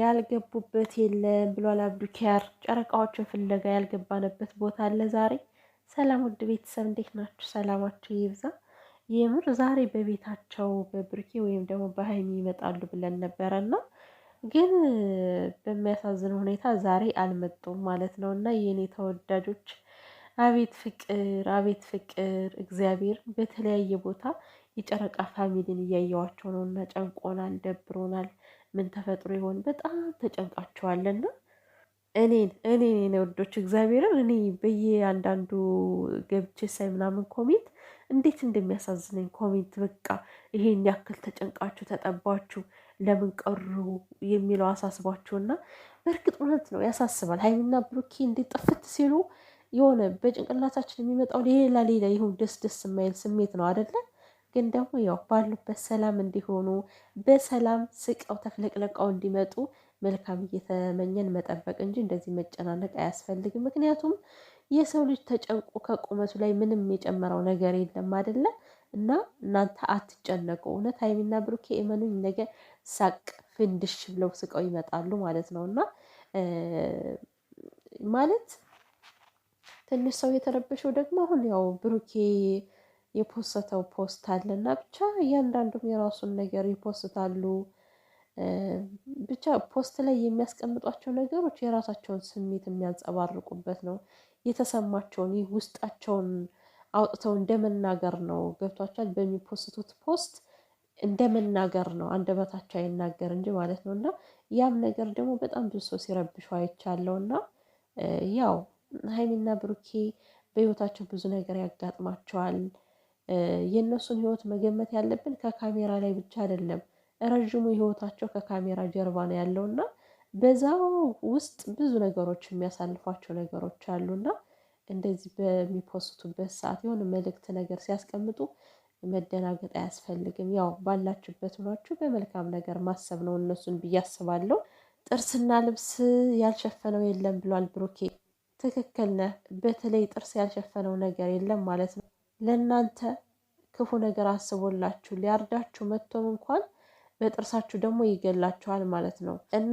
ያልገቡበት የለም ብሏል አብዱኪያር። ጨረቃዎቹ ፍለጋ ያልገባንበት ቦታ አለ ዛሬ። ሰላም ውድ ቤተሰብ እንዴት ናችሁ? ሰላማችሁ ይብዛ። የምር ዛሬ በቤታቸው በብርኬ ወይም ደግሞ በሀይሚ ይመጣሉ ብለን ነበረ እና ግን በሚያሳዝን ሁኔታ ዛሬ አልመጡም ማለት ነው እና የእኔ ተወዳጆች አቤት ፍቅር አቤት ፍቅር እግዚአብሔር በተለያየ ቦታ የጨረቃ ፋሚሊን እያየዋቸው ነው እና ጨንቆናል፣ ደብሮናል። ምን ተፈጥሮ ይሆን በጣም ተጨንቃቸዋለና እኔን እኔን የኔ ወዶች እግዚአብሔርን እኔ በየአንዳንዱ ገብቼ ሳይ ምናምን ኮሜንት እንዴት እንደሚያሳዝነኝ ኮሜንት በቃ ይሄን ያክል ተጨንቃችሁ ተጠባችሁ ለምን ቀሩ የሚለው እና በእርግጥ እውነት ነው ያሳስባል። ሀይሚና ብሩኬ እንዴት ጥፍት ሲሉ የሆነ በጭንቅላታችን የሚመጣው ሌላ ሌላ ይሁን ደስ ደስ የማይል ስሜት ነው አደለን? ግን ደግሞ ያው ባሉበት ሰላም እንዲሆኑ በሰላም ስቀው ተፍለቅለቀው እንዲመጡ መልካም እየተመኘን መጠበቅ እንጂ እንደዚህ መጨናነቅ አያስፈልግም። ምክንያቱም የሰው ልጅ ተጨንቆ ከቁመቱ ላይ ምንም የጨመረው ነገር የለም አይደለ? እና እናንተ አትጨነቁ። እውነት ሀይሚና ብሩኬ እመኑኝ፣ ነገ ሳቅ ፍንድሽ ብለው ስቀው ይመጣሉ ማለት ነው። እና ማለት ትንሽ ሰው የተረበሸው ደግሞ አሁን ያው ብሩኬ የፖስተው ፖስት አለና ብቻ እያንዳንዱም የራሱን ነገር ይፖስታሉ። ብቻ ፖስት ላይ የሚያስቀምጧቸው ነገሮች የራሳቸውን ስሜት የሚያንጸባርቁበት ነው። የተሰማቸውን ይህ ውስጣቸውን አውጥተው እንደመናገር ነው። ገብቷቸዋል። በሚፖስቱት ፖስት እንደመናገር ነው። አንደበታቸው አይናገር እንጂ ማለት ነው። እና ያም ነገር ደግሞ በጣም ብዙ ሰው ሲረብሹ አይቻለው። እና ያው ሀይሚና ብሩኬ በህይወታቸው ብዙ ነገር ያጋጥማቸዋል። የእነሱን ህይወት መገመት ያለብን ከካሜራ ላይ ብቻ አይደለም። ረዥሙ ህይወታቸው ከካሜራ ጀርባ ነው ያለው እና በዛው ውስጥ ብዙ ነገሮች የሚያሳልፏቸው ነገሮች እና እንደዚህ በሚፖስቱበት ሰዓት የሆነ መልእክት ነገር ሲያስቀምጡ መደናገጥ አያስፈልግም። ያው ባላችሁበት ሆናችሁ በመልካም ነገር ማሰብ ነው እነሱን ብዬ አስባለሁ። ጥርስና ልብስ ያልሸፈነው የለም ብሏል ብሩኬ። ትክክል ነህ። በተለይ ጥርስ ያልሸፈነው ነገር የለም ማለት ነው። ለእናንተ ክፉ ነገር አስቦላችሁ ሊያርዳችሁ መጥቶም እንኳን በጥርሳችሁ ደግሞ ይገላችኋል ማለት ነው እና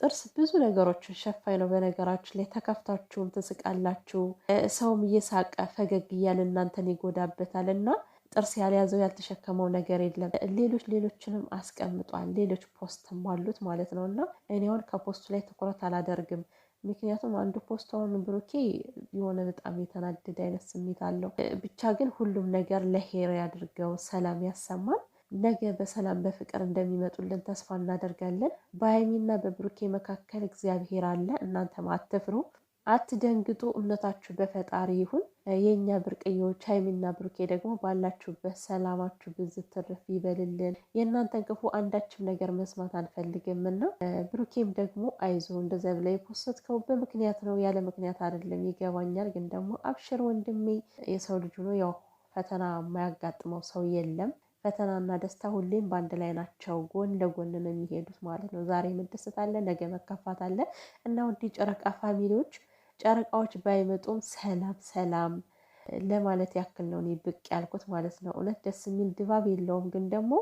ጥርስ ብዙ ነገሮችን ሸፋኝ ነው። በነገራችን ላይ ተከፍታችሁም ትስቃላችሁ፣ ሰውም እየሳቀ ፈገግ እያለ እናንተን ይጎዳበታል እና ጥርስ ያልያዘው ያልተሸከመው ነገር የለም። ሌሎች ሌሎችንም አስቀምጧል። ሌሎች ፖስትም አሉት ማለት ነው እና እኔ አሁን ከፖስቱ ላይ ትኩረት አላደርግም። ምክንያቱም አንዱ ፖስት አሁን ብሩኬ የሆነ በጣም የተናደደ አይነት ስሜት አለው። ብቻ ግን ሁሉም ነገር ለሄር ያድርገው፣ ሰላም ያሰማል። ነገ በሰላም በፍቅር እንደሚመጡልን ተስፋ እናደርጋለን። በሀይሚና በብሩኬ መካከል እግዚአብሔር አለ። እናንተ አትፍሩ። አትደንግጡ፣ እምነታችሁ በፈጣሪ ይሁን። የእኛ ብርቅዬዎች ሀይሚና ብሩኬ ደግሞ ባላችሁበት ሰላማችሁ ብዝት ትርፍ ይበልልን። የእናንተን ክፉ አንዳችም ነገር መስማት አንፈልግም እና ብሩኬም ደግሞ አይዞ እንደዚ ብላይ የፖሰትከው በምክንያት ነው ያለ ምክንያት አይደለም ይገባኛል። ግን ደግሞ አብሽር ወንድሜ፣ የሰው ልጅ ነው ያው ፈተና የማያጋጥመው ሰው የለም። ፈተናና ደስታ ሁሌም በአንድ ላይ ናቸው። ጎን ለጎን ነው የሚሄዱት ማለት ነው። ዛሬ መደሰት አለ፣ ነገ መከፋት አለ እና ውድ ጨረቃ ፋሚሊዎች ጨረቃዎች ባይመጡም ሰላም ሰላም ለማለት ያክል ነው እኔ ብቅ ያልኩት ማለት ነው። እውነት ደስ የሚል ድባብ የለውም፣ ግን ደግሞ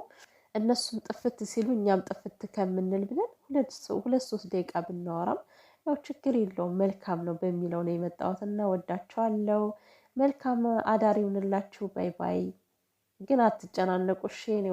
እነሱም ጥፍት ሲሉ እኛም ጥፍት ከምንል ብለን ሁለት ሶስት ደቂቃ ብናወራም ያው ችግር የለውም መልካም ነው በሚለው ነው የመጣሁት እና ወዳቸዋለው። መልካም አዳር ይሁንላችሁ። ባይ ባይ። ግን አትጨናነቁ እሺ የኔ